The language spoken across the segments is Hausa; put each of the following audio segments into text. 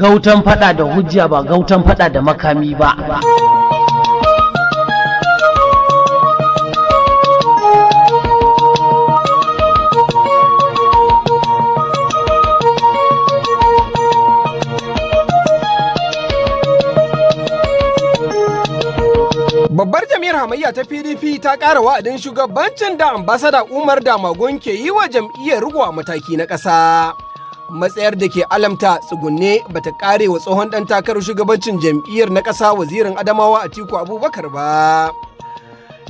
gautan fada da hujja ba gautan fada da makami ba Babbar jam'iyyar hamayya ta PDP ta ƙara wa'adin shugabancin da ambasada Umar da Damagun ke yi wa jam'iyyar riko mataki na ƙasa. matsayar da ke alamta tsugunne ba ta kare wa tsohon dan takarar shugabancin jam'iyyar na ƙasa wazirin adamawa a atiku abubakar ba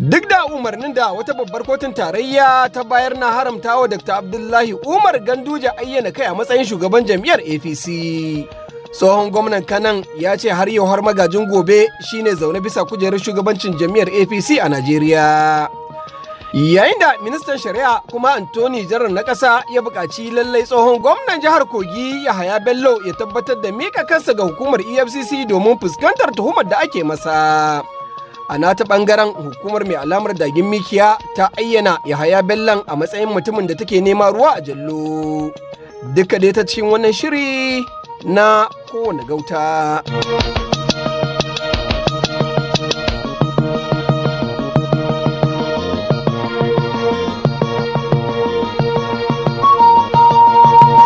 duk da umarnin da wata babbar kotun tarayya ta bayar na haramta wa dr abdullahi umar ganduja ayyana kai a matsayin shugaban jam'iyyar apc tsohon gwamnan kanan ya ce har yau har magajin gobe shine zaune bisa kujerar shugabancin jam'iyyar apc a najeriya Yayin da ministan shari'a kuma Antoni Jarar na ƙasa ya buƙaci lallai tsohon gwamnan jihar Kogi Yahaya Bello ya tabbatar da mika kansa ga hukumar EFCC domin fuskantar tuhumar da ake masa. a nata bangaren hukumar mai alamar dagin mikiya ta ayyana yahaya bellan a matsayin mutumin da take nema ruwa a jallo duka dai ta cikin wannan shiri na kowane gauta.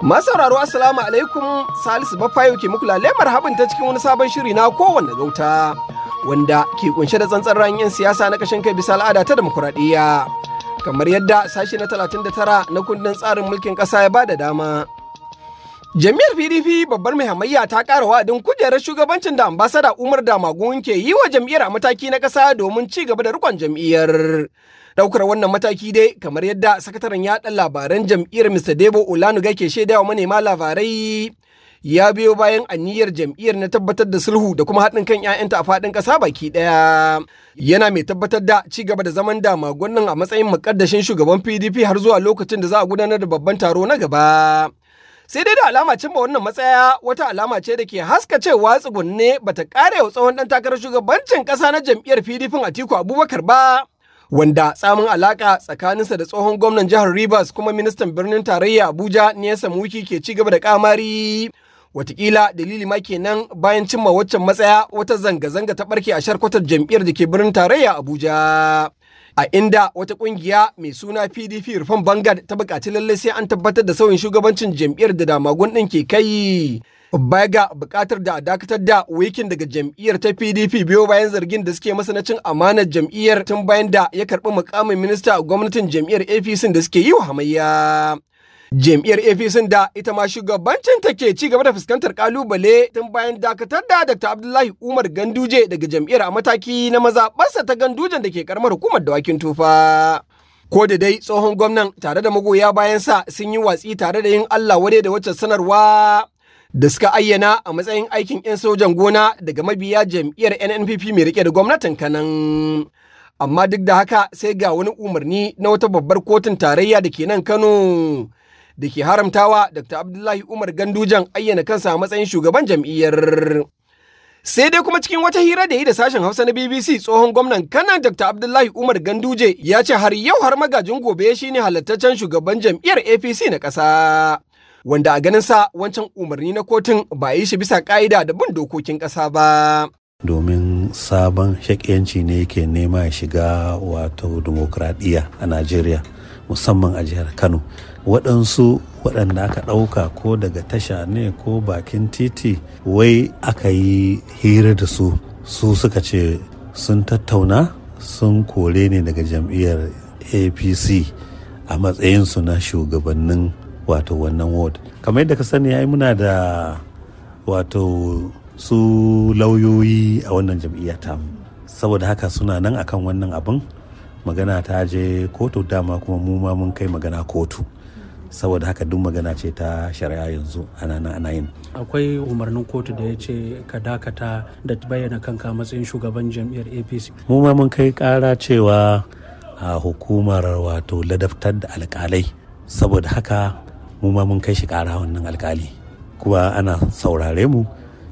Masauraro Assalamu alaikum Salisu Bafayo ke muku lalle habin ta cikin wani sabon shiri na kowanne gauta wanda ke kunshe da tsantsar yan siyasa na kashin kai bisa al'ada ta demokuraɗiyya. Kamar yadda sashe na 39 na kundin tsarin mulkin ƙasa ya bada dama Jami'ar PDP babbar mai hamayya ta ƙara wa'adin kujerar shugabancin da ambasada Umar Damagun ke yi wa jam'iyyar a mataki na ƙasa domin ci gaba da rikon jam'iyyar. Ɗaukar wannan mataki dai kamar yadda sakataren yaɗa labaran jam'iyyar Mr. Debo Olanuga ke shaidawa manema labarai ya biyo bayan aniyar jam'iyyar na tabbatar da sulhu da kuma haɗin kan 'ya'yanta a faɗin ƙasa baki ɗaya. Yana mai tabbatar da ci gaba da zaman damagun nan a matsayin muƙaddashin shugaban PDP har zuwa lokacin da za a gudanar da babban taro na gaba. sai dai da alama cimma wannan matsaya wata alama ce da ke haska cewa tsugunne bata kare wa tsohon dan takarar shugabancin kasa na jam'iyyar PDP Atiku Abubakar ba wanda tsamin alaka tsakaninsa da tsohon gwamnan jihar Rivers kuma ministan birnin tarayya Abuja ne samu Wiki ke ci gaba da kamari Watakila dalili ma kenan bayan cimma waccan matsaya wata zanga-zanga ta ɓarke a sharkwatar jam'iyyar da ke birnin tarayya Abuja. a inda wata kungiya mai suna pdp rufan Bangar, ta bukaci lallai sai an tabbatar da sauyin shugabancin jam'iyyar da damagun ɗin ke kai baya ga bukatar da a dakatar da wikin daga jam'iyyar ta pdp biyo bayan zargin da suke masa na cin amanar jam'iyyar tun bayan da ya karɓi mukamin minista a gwamnatin jam'iyyar apc da suke yi wa hamayya Jam'iyyar APC da ita ma shugabancin ta ke ci gaba da fuskantar kalubale tun bayan dakatar da Dr. Abdullahi Umar Ganduje daga jam'iyyar a mataki na maza mazaɓarsa ta Gandujen da ke karamar hukumar dawakin tufa. Ko da dai tsohon gwamnan tare da magoya bayan sa sun yi watsi tare da yin Allah wadai da wacce sanarwa da suka ayyana a matsayin aikin 'yan sojan gona daga mabiya jam'iyyar NNPP mai rike da gwamnatin kanan. Amma duk da haka sai ga wani umarni na wata babbar kotun tarayya da ke nan Kano da ke haramtawa Dr. Abdullahi Umar Gandujan ayyana kansa a matsayin shugaban jam'iyyar. Sai dai kuma cikin wata hira da yi da sashen Hausa na BBC tsohon gwamnan Kanan Dr. Abdullahi Umar Ganduje ya ce har yau har magajin gobe shi ne halattaccen shugaban jam'iyyar APC na ƙasa. Wanda a ganin sa wancan umarni na kotun ba yi shi bisa ƙa'ida da bin dokokin ƙasa ba. domin sabon shakiyanci ne yake nema ya shiga wato demokradiyya a najeriya musamman a jihar kano waɗansu waɗanda aka ɗauka ko daga tasha ne ko bakin titi wai aka yi hira da su su suka ce sun tattauna sun kore ne daga jam'iyyar apc a matsayinsu na shugabannin wato wannan ward kamar yadda ka sani yi muna da wato su lauyoyi a wannan jam'iyyar tamu saboda haka suna nan akan wannan abin magana ta je kotu dama kuma mu ma mun kai magana kotu saboda haka duk magana ce ta shari'a yanzu ana ana yin akwai umarnin kotu da ya ce ka dakata da bayyana kanka matsayin shugaban jam'iyyar apc mu ma mun kai kara cewa a hukumar wato ladabtar da alkalai saboda haka mu ma mun kai shi kara wannan alkali kuma ana saurare mu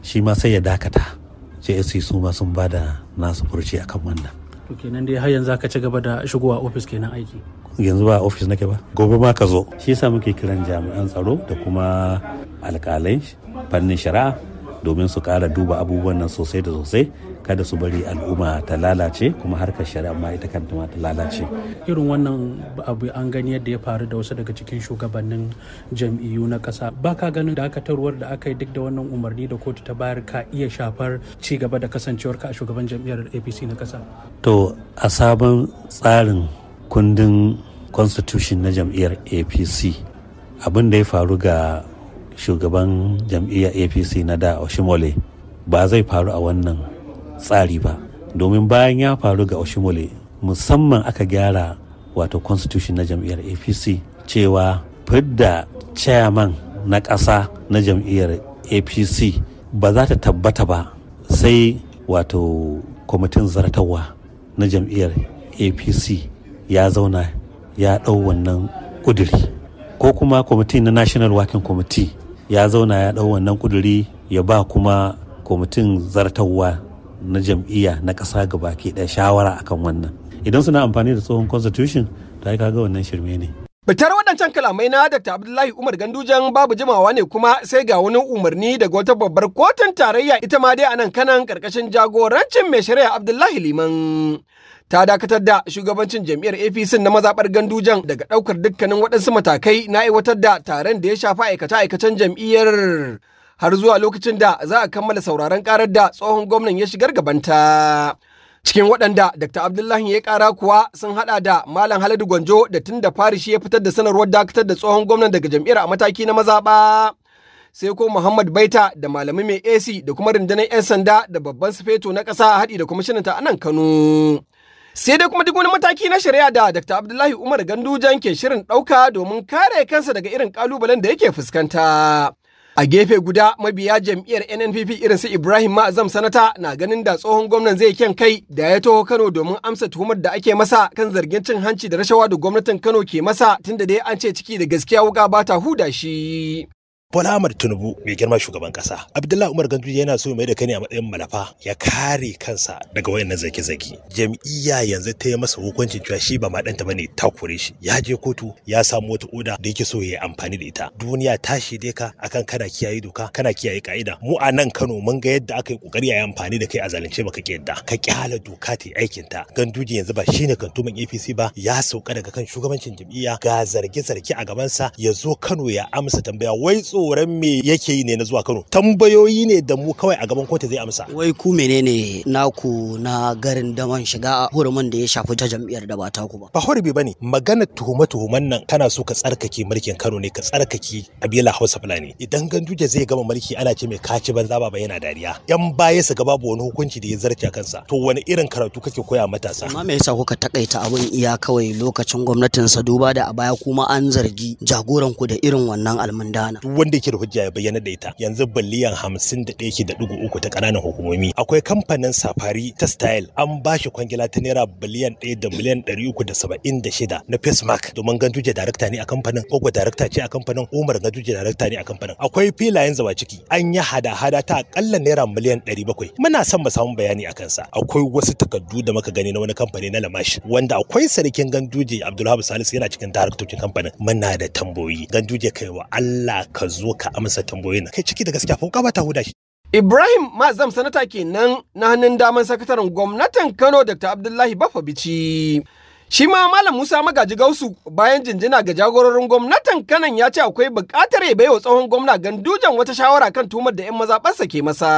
shi ma sai ya dakata jsc su ma sun bada nasu furci akan wannan to kenan dai har yanzu ka ci gaba da shigowa ofis kenan aiki yanzu ba ofis nake ba gobe ma ka zo shi yasa muke kiran jami'an tsaro da kuma alkalai fannin shari'a domin su kara duba abubuwan nan sosai da sosai kada su bari al'umma ta lalace kuma harkar shari'a ma ita kanta ma ta lalace irin wannan abu an gani yadda ya faru da wasu daga cikin shugabannin jam'iyyu na kasa. ba ka ganin dakatarwar da aka yi duk da wannan umarni da kotu ta bayar ka iya shafar ci gaba da kasancewar ka a shugaban jam'iyyar apc na kasa. to a sabon tsarin kundin constitution na jam'iyyar apc abin da ya faru ga shugaban jam'iyyar apc na da oshimole ba zai faru a wannan tsari ba domin bayan ya faru ga oshimole musamman aka gyara wato constitution na jam'iyyar apc cewa fidda chairman na ƙasa na jam'iyyar apc ba za ta tabbata ba sai wato kwamitin zartawa na jam'iyyar apc ya zauna ya ɗau wannan ƙuduri ko kuma kwamitin na national working committee ya zauna ya ɗau wannan ƙuduri ya ba kuma kwamitin zartawa na jam'iyya na ƙasa gaba ke ɗaya shawara akan wannan idan suna amfani da tsohon constitution ta kaga wannan shirme ne Fitar waɗancan kalamai na Dr. Abdullahi Umar Gandujan babu jimawa ne kuma sai ga wani umarni daga wata babbar kotun tarayya ita ma dai a nan kanan karkashin jagorancin mai shari'a Abdullahi Liman. Ta dakatar da shugabancin jam'iyyar APC na mazaɓar Gandujan daga ɗaukar dukkanin waɗansu matakai na aiwatar da taron da ya shafa aikace-aikacen jam'iyyar. har zuwa lokacin da za a kammala sauraron karar da tsohon gwamnan ya shigar gabanta. Cikin waɗanda Dr. Abdullahi ya ƙara kuwa sun haɗa da Malam Haladu Gwanjo da tun da Fari shi ya fitar da sanarwar dakatar da tsohon gwamnan daga jam'iyyar a mataki na mazaɓa. Sai ko Muhammad Baita da malami mai AC da kuma rundunar 'yan sanda da babban sufeto na ƙasa haɗi da kwamishinan ta anan Kano. sai dai kuma duk wani mataki na shari'a da Dr. Abdullahi Umar Gandujan ke shirin ɗauka domin kare kansa daga irin ƙalubalen da yake fuskanta. A gefe guda mabiya jam'iyyar NNPP irin su Ibrahim Ma'azam Sanata na ganin da tsohon gwamnan zai kyan kai da ya taho Kano domin amsa tuhumar da ake masa kan zargin cin hanci da rashawa da gwamnatin Kano ke masa tunda dai an ce ciki da gaskiya wuka ba ta huda shi. Bola Ahmad Tinubu mai girma shugaban kasa. Abdullahi Umar Ganduje yana so mai da kai ne a matsayin malafa ya kare kansa daga wayannan zaki-zaki. Jam'iyya yanzu ta yi masa hukuncin cewa shi ba ma ɗanta bane ta kore shi. Ya je kotu ya samu wata oda da yake so ya yi amfani da ita. Duniya ta shide ka akan kana kiyaye doka, kana kiyaye ka'ida. Mu a nan Kano mun ga yadda aka yi kokari a yi amfani da kai a zalunce baka ki yadda. Ka kyala doka ta yi aikin ta. Ganduje yanzu ba shine kantumin APC ba, ya sauka daga kan shugabancin jam'iyya ga zarge-zarge a gabansa ya zo Kano ya amsa tambaya wai tso Koran me yake yi ne na zuwa Kano tambayoyi ne da mu kawai a gaban kotu zai amsa wai ku menene naku na garin daman shiga hurumin da ya shafi ta jam'iyyar da ba ta ku ba ba hurbi bane magana tuhuma tuhuman nan kana so ka tsarkake mulkin Kano ne ka tsarkake kabila Hausa Fulani idan Ganduje zai gama mulki ana ce mai kaci banza ba yana dariya yan baya su ga babu wani hukunci da ya zarce kansa to wani irin karatu kake koya matasa amma me yasa kuka takaita abin iya kawai lokacin gwamnatin sa duba da a baya kuma an zargi jagoran ku da irin wannan almundana da yake da hujja ya bayyana da ita yanzu biliyan hamsin da ɗaya ke da ɗigo uku ta ƙananan hukumomi akwai kamfanin safari ta style an ba shi kwangila ta naira biliyan ɗaya da miliyan ɗari uku da saba'in da shida na facemark domin ganduje darakta ne a kamfanin gwagwa darakta ce a kamfanin umar ganduje darakta ne a kamfanin akwai filayen zaba ciki an yi hada-hada ta akalla naira miliyan ɗari bakwai muna son mu samu bayani a kansa akwai wasu takardu da muka gani na wani kamfani na lamashi wanda akwai sarkin ganduje abdulhabu salisu yana cikin daraktocin kamfanin muna da tambayoyi ganduje kaiwa allah ka zo zo ka amsa tambayoyin kai ciki da gaskiya fa ba ta huda shi Ibrahim Mazam sanata kenan na hannun daman sakataren gwamnatin Kano Dr. Abdullahi Baffa Bici. Shi ma Malam Musa Magaji Gausu bayan jinjina ga jagororin gwamnatin Kano ya ce akwai buƙatar ya baiwa tsohon gwamna gandujan wata shawara kan tumar da 'yan mazaɓarsa ke masa.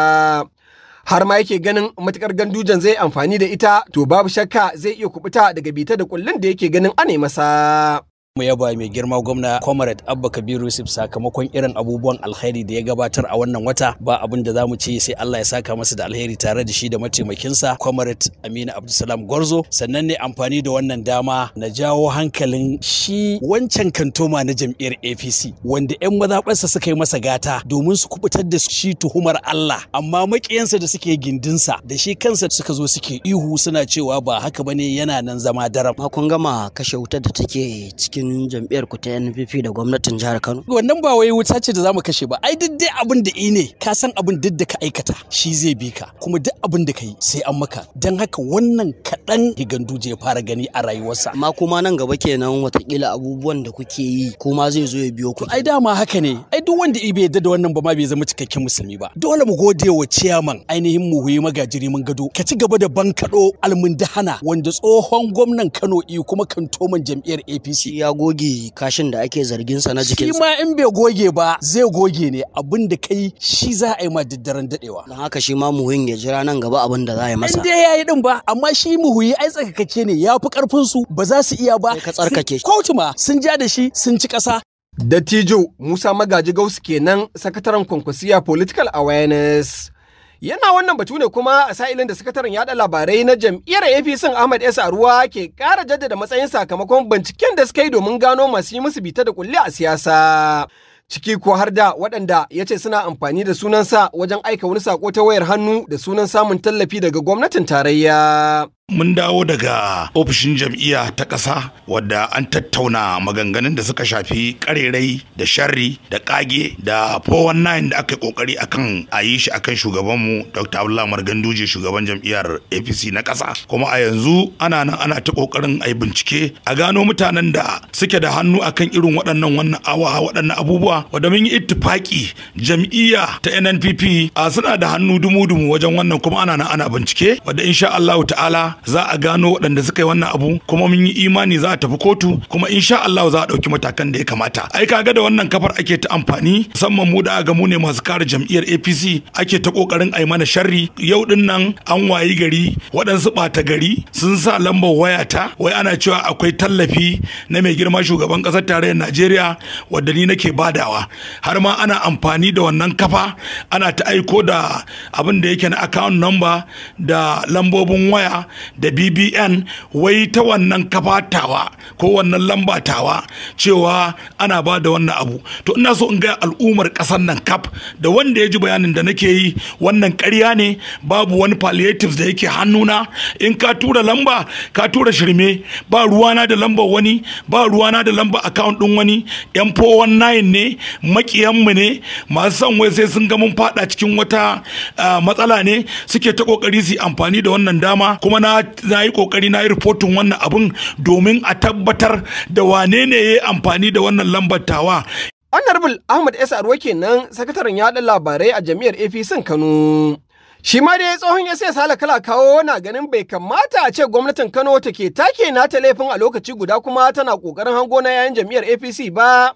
Har ma yake ganin matukar gandujan zai amfani da ita to babu shakka zai iya kubuta daga bita da kullun da yake ganin ane masa. mu yaba mai girma gwamna comrade abba kabiru yusuf sakamakon irin abubuwan alheri da ya gabatar a wannan wata ba abin da zamu ce sai allah ya saka masa da alheri tare da shi da mataimakinsa comrade aminu abdulsalam gorzo sannan ne amfani da wannan dama na jawo hankalin shi wancan kantoma na jam'iyyar apc wanda yan mazaɓarsa suka yi masa gata domin su kubutar da shi tuhumar allah amma maƙiyansa da suke gindinsa da shi kansa suka zo suke ihu suna cewa ba haka bane yana nan zama daram. ma gama kashe wutar da take cikin cikin jam'iyyar ku ta NPP da gwamnatin jihar Kano? Wannan ba wai wuta ce da zamu kashe ba. Ai duk dai abin da ne ka san abin duk da ka aikata shi zai bi ka kuma duk abin da ka yi sai an maka. Dan haka wannan kaɗan higandu je fara gani a rayuwarsa. Amma kuma nan gaba kenan watakila abubuwan da kuke yi kuma zai zo ya biyo ku. Ai dama haka ne. Ai duk wanda bai yadda da wannan ba ma bai zama cikakken musulmi ba. Dole mu gode wa ciyaman ainihin mu huyi magajiri mun gado. Ka ci gaba da bankaɗo almundahana wanda tsohon gwamnan Kano i kuma kantoman jam'iyyar APC. Ya goge kashin da ake zargin sa na jikin shi ma in bai goge ba zai goge ne abin da kai shi za a yi ma daddaren dadewa dan haka shi ma muhin ya jira nan gaba abin da za a yi masa inda dai yayi din ba amma shi muhuyi ai tsakakace ne ya fi karfin su ba za su iya ba ka tsarkake kotu ma sun ja da shi sun ci kasa Dattijo Musa Magaji Gausu kenan sakataren Kwankwasiya Political Awareness. Yana wannan batu ne kuma a sa'ilin da sakataren yada labarai na jam'iyyar APC Ahmad S. Aruwa ke kara jaddada matsayin sakamakon binciken da suka yi domin gano masu yi musu bita da kulli a siyasa. Ciki ko har da waɗanda ya ce suna amfani da sunansa wajen aika wani sako ta wayar hannu da sunan samun tallafi daga gwamnatin tarayya. Mun dawo daga ofishin jam'iyya ta ƙasa wadda an tattauna maganganun da suka shafi ƙarerai da sharri da ƙage da 419 da aka yi ƙoƙari akan a yi shi a kan shugabanmu Dr. Abdullahi Marganduje shugaban jam'iyyar APC na ƙasa. Kuma a yanzu ana nan ana ta ƙoƙarin a yi bincike a gano mutanen da suke da hannu akan irin waɗannan wannan awa waɗannan abubuwa wadda mun yi ittifaƙi jam'iyya ta NNPP suna da hannu dumu-dumu wajen wannan kuma ana nan ana bincike wadda insha Allah ta'ala za a gano waɗanda suka yi wannan abu kuma mun yi imani za a tafi kotu kuma insha Allah za a ɗauki matakan da ya kamata ai kaga da wannan kafar ake ta amfani musamman mu da aga mu ne masu kare jam'iyyar APC ake ta kokarin ai mana sharri yau din nan an wayi gari waɗansu ɓata gari sun sa lambar wayata wai ana cewa akwai tallafi na mai girma shugaban ƙasar tarayyar Najeriya wadda ni nake badawa har ma ana amfani da wannan kafa ana ta aiko da abin da yake na account number da lambobin waya da bbn wai ta wannan kafatawa ko wannan lambatawa cewa ana ba da wannan abu to ina so in ga al'ummar ƙasar nan kaf da wanda ya ji bayanin da nake yi wannan karya ne babu wani palliatives da yake hannuna in ka tura lamba ka tura shirme ba ruwana da lambar wani ba ruwana da lamba account ɗin wani yan 419 ne mu ne masu son wai sai sun ga mun fada cikin wata ah, matsala ne suke ta kokari su amfani da wannan dama kuma na na yi kokari na yi rifotin wannan abun domin a tabbatar da wane ne ya amfani da wannan lambar tawa honorable ahmad s arwa kenan sakataren yaɗa labarai a jami'ar apc kano Shi ma dai tsohon ya sai sala kala kawo na ganin bai kamata a ce gwamnatin Kano take take nata laifin a lokaci guda kuma tana kokarin hango na yayin jami'ar APC ba.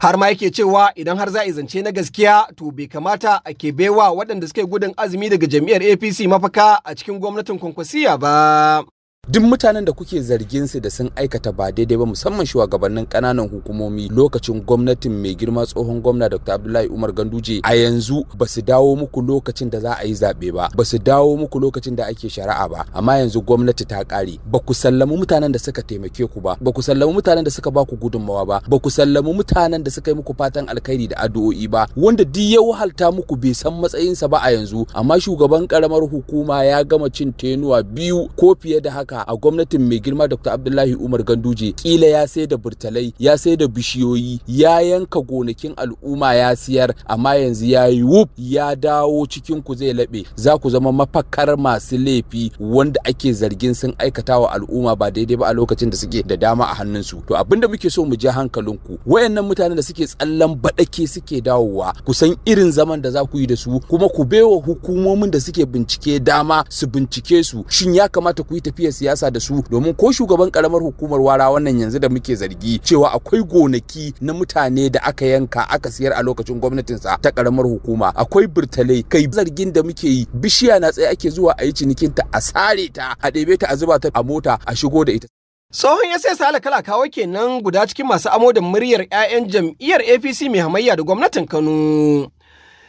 har ma yake cewa idan har za a zance na gaskiya to bai kamata a ke baiwa waɗanda suke gudun azumi daga jam'iyyar apc mafaka a cikin gwamnatin kwankwasiya ba duk mutanen da kuke zargin su da sun aikata ba daidai ba musamman shugabannin kananan hukumomi lokacin gwamnatin mai girma tsohon gwamna dr abdullahi umar ganduje a yanzu ba su dawo muku lokacin da za a yi zaɓe ba ba su dawo muku lokacin da ake shari'a ba amma yanzu gwamnati ta ƙare ba ku sallami mutanen da suka taimake ku ba ba ku sallami mutanen da suka ba ku gudunmawa ba ba ku sallami mutanen da suka yi muku fatan alkhairi da addu'o'i ba wanda duk ya wahalta muku bai san matsayinsa ba a yanzu amma shugaban karamar hukuma ya gama cin tenuwa biyu ko fiye da haka haka a gwamnatin mai girma dr abdullahi umar ganduje kila ya sai da burtalai ya sai da bishiyoyi ya yanka gonakin al'umma ya siyar amma yanzu ya yi wuf ya dawo cikin ku zai laɓe za ku zama mafakar masu laifi wanda ake zargin sun aikata wa al'umma ba daidai ba a lokacin da suke da dama a hannunsu to abin da muke so mu ja ku wayannan mutanen da suke tsallan baɗake suke dawowa ku san irin zaman da za ku yi da su kuma ku baiwa hukumomin da suke bincike dama su bincike su shin ya kamata ku yi tafiyar siyasa da su domin ko shugaban karamar hukumar wara wannan yanzu da muke zargi cewa akwai gonaki na mutane da aka yanka aka siyar a lokacin gwamnatinsa ta karamar hukuma akwai burtalai kai zargin da muke yi bishiya na tsaye ake zuwa a yi cinikinta a sare ta a ɗebe ta a zuba ta a mota a shigo da ita Tsohon ya sai sale kawo kenan guda cikin masu amo da muryar 'ya'yan jam'iyyar APC mai hamayya da gwamnatin Kano.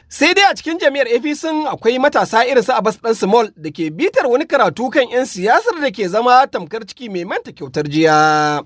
Sai dai a cikin jami'ar APC akwai matasa irin su Abbas Dan Small da ke bitar wani karatu kan 'yan siyasar da ke zama tamkar ciki mai manta kyautar jiya.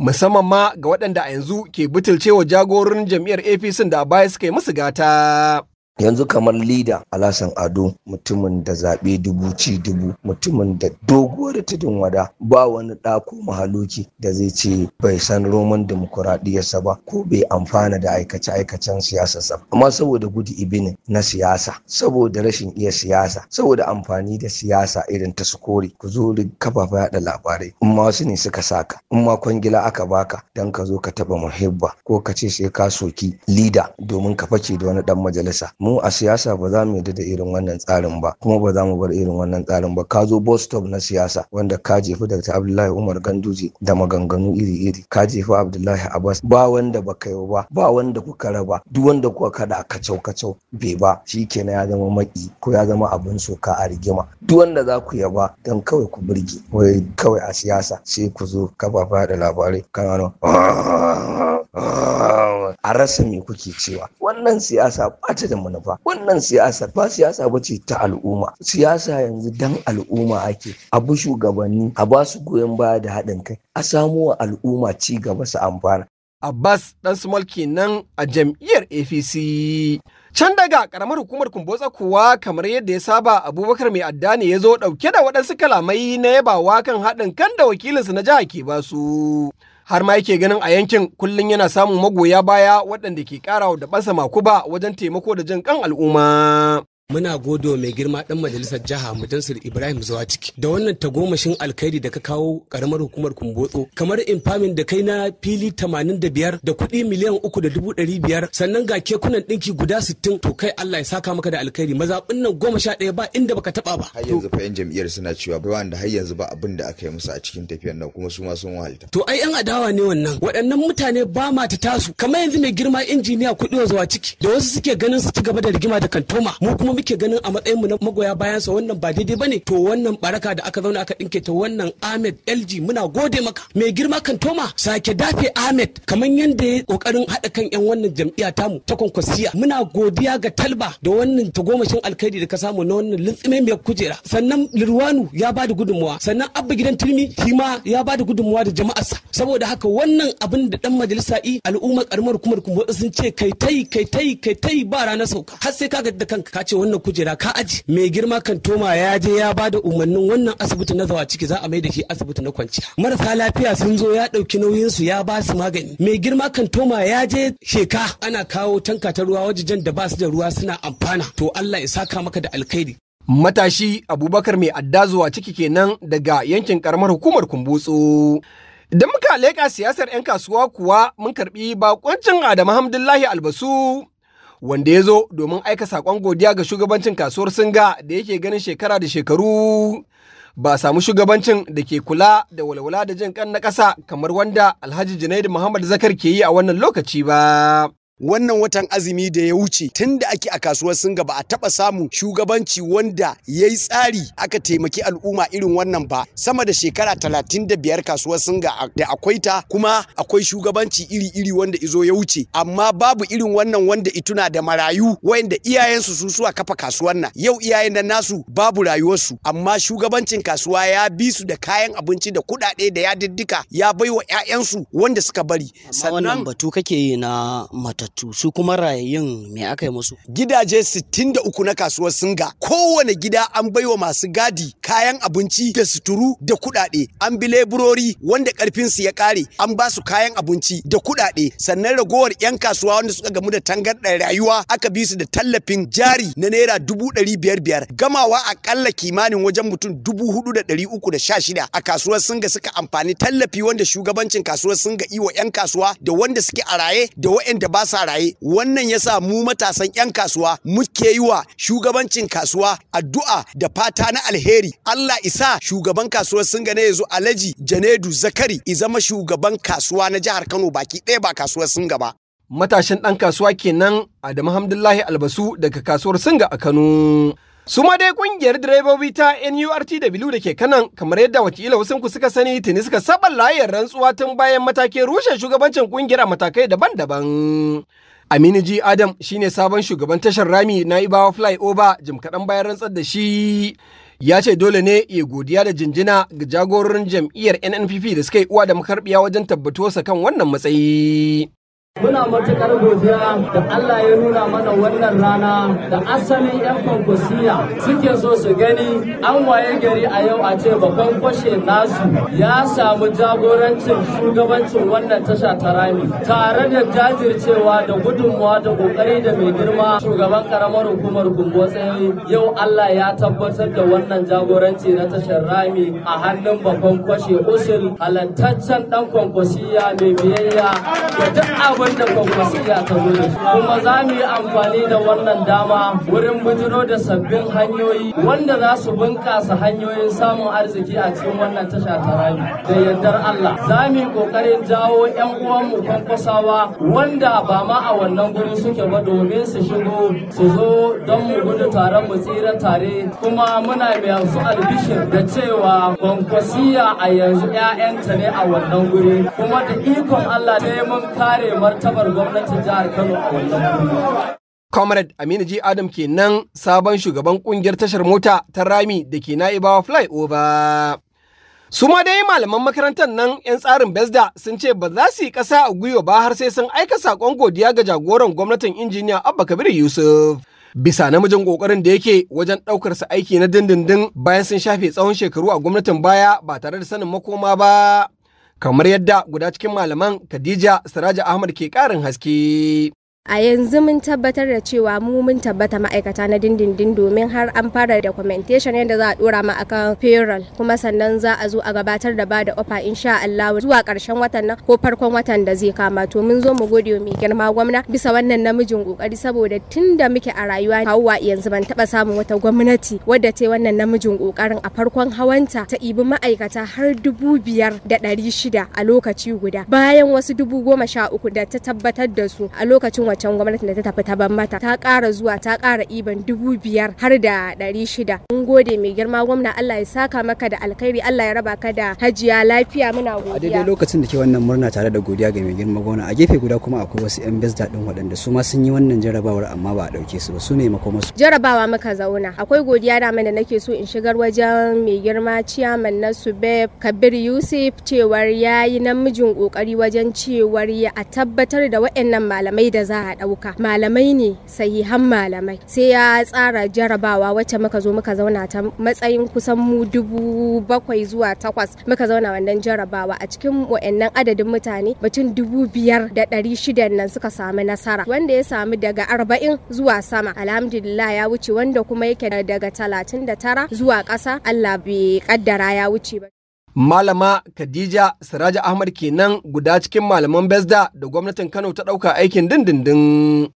Musamman ma ga waɗanda a yanzu ke butulcewa jagororin jami'ar APC da a baya suka yi musu gata. yanzu kamar lida alasan ado mutumin da zaɓe dubu ci dubu mutumin da doguwar tudun wada ba wani ɗako mahaluki da zai ce bai san roman demokuraɗiyarsa ba ko bai amfana da aikace-aikacen sa amma saboda gudu ibini na siyasa saboda rashin iya siyasa saboda amfani da siyasa irin ta sukori ku zo kafafa yaɗa labarai in ma wasu ne suka saka in ma kwangila aka baka dan ka zo ka taɓa muhibba ko ka ce sai ka soki lida domin ka fake da wani ɗan majalisa mu a siyasa ba za mu yarda da irin wannan tsarin ba kuma ba za mu bar irin wannan tsarin ba ka zo bus stop na siyasa wanda ka jefi ta Abdullahi Umar Ganduje da maganganu iri-iri ka jefi Abdullahi Abbas ba wanda ba kai ba ba wanda kuka raba duk wanda kuka kada a kacau kacau bai ba shi kenan ya zama maki ko ya zama abin soka a rigima duk wanda za ku yaba dan kawai ku burge wai kawai a siyasa sai ku zo kafafa da labarai kana ah, ah, ah, a rasa me kuke cewa wannan siyasa ba ta da muna nufa wannan siyasa ba siyasa ba ce ta al'umma siyasa yanzu dan al'umma ake abu shugabanni a ba su goyon baya da haɗin kai a samo wa al'umma ci gaba su amfana Abbas ɗan Small nan a jam'iyyar APC. Can daga ƙaramar hukumar Kumbotsa kuwa kamar yadda ya saba Abubakar mai adda ne ya zo ɗauke da waɗansu kalamai na yabawa kan haɗin kan da wakilinsa na jiha ke basu. har ma yake ganin a yankin kullum yana samun magoya baya waɗanda ke ƙarawa da ɓasa makuba wajen taimako da jin kan al'umma. muna godo mai girma dan majalisar jiha mudansir ibrahim zuwa ciki da wannan tagomashin alkhairi da ka kawo karamar hukumar kumbotso kamar infamin da kai na fili 85 da kuɗi miliyan uku da dubu ɗari biyar sannan ga kekunan ɗinki guda 60 to kai allah ya saka maka da alkhairi mazaɓin nan goma sha ɗaya ba inda baka taɓa ba har yanzu fa yan jam'iyyar suna cewa bai wanda har yanzu ba abin da aka yi musu a cikin tafiyar nan kuma su ma sun wahalta to ai yan adawa ne wannan waɗannan mutane ba ma ta tasu kamar yanzu mai girma injiniya kuɗi zuwa ciki da wasu suke ganin su ci gaba da rigima da kantoma mu kuma muke ganin a matsayin mu na magoya bayan sa wannan ba daidai bane to wannan baraka da aka zauna aka dinke ta wannan Ahmed LG muna gode maka mai girma kan Toma sake dafe Ahmed kamar yanda ya kokarin hada kan yan wannan jam'iyya tamu ta konkwasiya muna godiya ga Talba da wannan tagomashin alkhairi da ka samu na wannan lintsime mai kujera sannan Lirwanu ya ba da gudunmuwa sannan Abba gidan Tilmi shi ma ya bada gudunmuwa da jama'arsa saboda haka wannan abin da dan majalisa i al'ummar karamar hukumar kuma sun ce kai tai kai tai kai tai ba ranar sauka har sai kaga da kanka ka ce wannan kujera ka aji mai girma kan toma ya je ya ba da umarnin wannan asibiti na zawa ciki za a mai da shi asibiti na kwanciya marasa lafiya sun zo ya ɗauki nauyin su ya ba su magani mai girma kan toma ya je sheka ana kawo tanka ta ruwa wajen da ba su da ruwa suna amfana to Allah ya saka maka da alkhairi matashi abubakar mai adda zuwa ciki kenan daga yankin karamar hukumar kumbutso. idan muka leƙa siyasar 'yan kasuwa kuwa mun karɓi bakoncin adamu hamdullahi albasu wanda ya zo domin aika saƙon godiya ga shugabancin kasuwar singa da yake ganin shekara da shekaru ba samu shugabancin da ke kula da walwala da jin kan na ƙasa kamar wanda alhaji junaidu muhammad zakar ke yi a wannan lokaci ba wannan watan azumi da ya wuce tun da ake a kasuwar singa ba a taba samun shugabanci wanda ya yi tsari aka taimaki al'umma irin wannan ba sama da shekara talatin da biyar kasuwar singa da akwai ta kuma akwai shugabanci iri-iri wanda izo ya wuce amma babu irin wannan wanda ituna da marayu wayanda iyayensu su suwa kafa kasuwar nan yau iyayen da nasu babu rayuwarsu amma shugabancin kasuwa ya bi su da kayan abinci da kuɗaɗe da ya diddika ya baiwa 'ya'yansu wanda suka bari sannan batu kake na mata matattu su kuma rayayyun me aka yi musu gidaje 63 na kasuwar singa kowane gida an baiwa masu gadi kayan abinci da suturu da kudade. an bi leburori wanda karfin su ya kare an ba su kayan abinci da kudade. sannan ragowar 'yan kasuwa wanda suka gamu da tangarɗar rayuwa aka bi su da tallafin jari na naira dubu ɗari biyar biyar gamawa ƙalla kimanin wajen mutum dubu hudu da ɗari uku da sha shida a kasuwar singa suka amfani tallafi wanda shugabancin kasuwar singa iwa 'yan kasuwa da wanda suke a raye da waɗanda ba sa sa raye wannan yasa mu matasan 'yan kasuwa muke yi wa shugabancin kasuwa addu'a da fata na alheri Allah isa shugaban kasuwar sun gane yazo Alhaji Janedu Zakari i zama shugaban kasuwa na jihar Kano baki ɗaya ba kasuwar sun gaba matashin ɗan kasuwa kenan Adamu Hamdullahi Albasu daga kasuwar Singa a Kano Su ma dai kungiyar direbobi ta NURTW da ke kanan kamar yadda wakila wasunku suka sani tuni suka saba layar rantsuwa tun bayan matakin rushe shugabancin kungiyar a matakai daban-daban. Aminu G. Adam shi ne sabon shugaban tashar rami na Ibawa Flyover jim kaɗan bayan rantsar da shi ya ce dole ne ya godiya da jinjina ga jagororin jam'iyyar nnpp da suka yi uwa da makarbiya wajen tabbatuwarsa kan wannan matsayi Muna matuƙar godiya da Allah ya nuna mana wannan rana da asalin 'yan kwankwasiya suke so su gani an waye gari a yau a ce bakon kwashe nasu ya samu jagorancin shugabancin wannan tasha ta rami tare da jajircewa da gudunmuwa da ƙoƙari da mai girma shugaban karamar hukumar gungo tsaye yau Allah ya tabbatar da wannan jagoranci na tashar rami a hannun bakon kwashe usul halantaccen ɗan kwankwasiya mai biyayya da duk abubuwan da kwankwasiya ta kuma za mu yi amfani da wannan dama wurin bujiro da sabbin hanyoyi wanda za su bunkasa hanyoyin samun arziki a cikin wannan tasha ta rami da yardar Allah za mu yi ƙoƙarin jawo 'yan uwanmu kwankwasawa wanda ba ma a wannan gurin suke ba domin su shigo su zo don mu gudu tare mu tsira tare kuma muna mai su albishir da cewa kwankwasiya a yanzu 'ya'yanta ne a wannan guri kuma da ikon Allah ne mun kare martabar gwamnatin jihar Kano a wannan Comrade Aminu G. Adam ke nan sabon shugaban kungiyar tashar mota ta rami da ke na'ibawa flyover. Su ma dai malaman makarantar nan 'yan tsarin Besda sun ce ba za su yi ƙasa a gwiwa ba har sai sun aika saƙon godiya ga jagoran gwamnatin injiniya Abba Kabir Yusuf. Bisa namijin ƙoƙarin da yake wajen ɗaukar sa aiki na dindindin bayan sun shafe tsawon shekaru a gwamnatin baya ba tare da sanin makoma ba. kamar yadda guda cikin malaman Khadija Siraja Ahmad ke ƙarin haske. a yanzu mun tabbatar da cewa mu mun tabbata ma'aikata na dindindin domin har an fara documentation yadda za a dora ma akan payroll kuma sannan za a zo a gabatar da bada da in insha Allah zuwa karshen watan nan ko farkon watan da zai kama to mun zo mu gode mai girma gwamna bisa wannan namijin kokari saboda tun muke a rayuwa hawa yanzu ban taba samun wata gwamnati wadda ta wannan namijin kokarin a farkon hawanta ta ibi ma'aikata har dubu biyar da ɗari shida a lokaci guda bayan wasu dubu goma sha uku da ta tabbatar da su a lokacin wancan gwamnatin da ta tafi ta ban mata ta ƙara zuwa ta ƙara iban dubu biyar har da ɗari shida mun gode mai girma gwamna Allah ya saka maka da alkhairi Allah ya raba ka da hajiya lafiya muna godiya a daidai lokacin da ke wannan murna tare da godiya ga mai girma gwamna a gefe guda kuma akwai wasu yan bizda din waɗanda su ma sun yi wannan jarabawar amma ba a ɗauke su ba su ne makoma su jarabawa muka zauna akwai godiya da da nake so in shigar wajen mai girma ciyaman na Subeb Kabir Yusuf cewar yayi namijin kokari wajen cewar ya a tabbatar da waɗannan malamai da za muka ɗauka malamai ne sahihan malamai sai ya tsara jarabawa wacce muka zo muka zauna ta matsayin kusan mu dubu bakwai zuwa takwas muka zauna wannan jarabawa a cikin wa'annan adadin mutane batun dubu biyar da ɗari shidan nan suka samu nasara wanda ya samu daga arba'in zuwa sama alhamdulillah ya wuce wanda kuma yake daga talatin da tara zuwa ƙasa allah bai ƙaddara ya wuce ba Malama Khadija Siraja Ahmad kenan guda cikin malaman Bezda da gwamnatin Kano ta ɗauka aikin dindindin.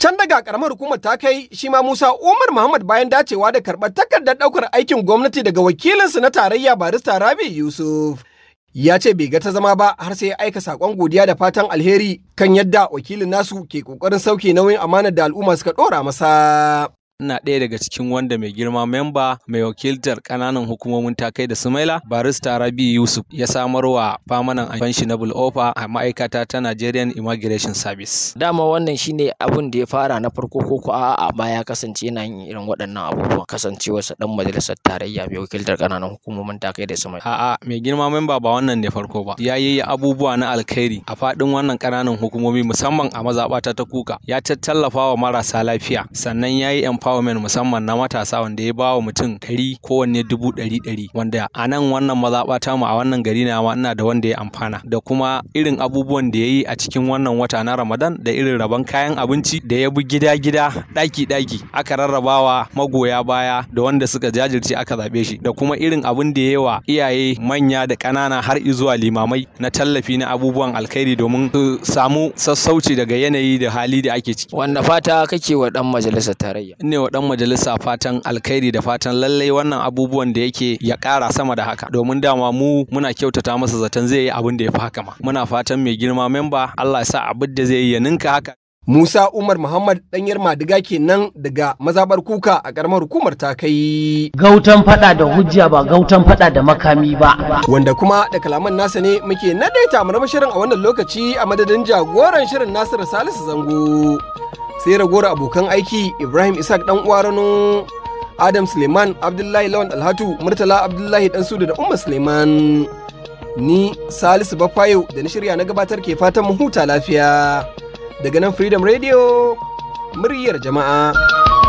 Can daga ƙaramar hukumar ta kai shi ma Musa Umar Muhammad bayan dacewa da karɓar takardar ɗaukar aikin gwamnati daga wakilinsa na tarayya barista Rabi Yusuf. Ya ce bai ga ta zama ba har sai ya aika saƙon godiya da fatan alheri kan yadda wakilin nasu ke ƙoƙarin sauke nauyin amanar da al'umma suka ɗora masa. ina ɗaya daga cikin wanda mai girma memba mai wakiltar ƙananan hukumomin takai da sumaila barista rabi yusuf ya samar wa famanan pensionable offer a ma'aikata ta nigerian immigration service dama wannan shine abin da ya fara na farko ko ko a'a ba ya kasance yana yin irin waɗannan abubuwan kasancewarsa ɗan majalisar tarayya mai wakiltar ƙananan hukumomin takai da sumaila a'a mai girma memba ba wannan ne farko ba ya yi abubuwa na alkhairi a faɗin wannan ƙananan hukumomi musamman a mazaɓata ta kuka ya tallafa wa marasa lafiya sannan ya yi empowerment musamman na matasa wanda ya bawa mutum ɗari kowanne dubu ɗari ɗari wanda a nan wannan mazaɓa ta mu a wannan gari na ina da wanda ya amfana da kuma irin abubuwan da ya yi a cikin wannan wata na Ramadan da irin rabon kayan abinci da ya bi gida gida ɗaki ɗaki aka rarrabawa magoya baya da wanda suka jajirce aka zaɓe shi da kuma irin abin da ya wa iyaye manya da ƙanana har zuwa limamai na tallafi na abubuwan alkhairi domin su samu sassauci daga yanayi da hali da ake ciki. Wanda fata kake wa ɗan majalisar tarayya? Ne wa dan majalisa fatan alkhairi da fatan lallai wannan abubuwan da yake ya ƙara sama da haka domin dama mu muna kyautata masa zaton zai yi abin da ya fi haka ma muna fatan mai girma memba Allah ya sa abin da zai yi ya ninka haka Musa Umar Muhammad ɗanyar Madiga kenan daga mazabar kuka a ƙaramar hukumar ta kai. Gautan faɗa da hujja ba gautan faɗa da makami ba. Wanda kuma da kalaman nasa ne muke nadaita mu shirin a wannan lokaci a madadin jagoran shirin Nasiru Salisu Zango. sai ragowar abokan aiki ibrahim isaac dan uwa rano adam suleiman abdullahi lawan alhatu murtala abdullahi dan sudu da umma suleiman ni salisu bafayo da na shirya na gabatar ke fatan mu huta lafiya daga nan freedom radio muryar jama'a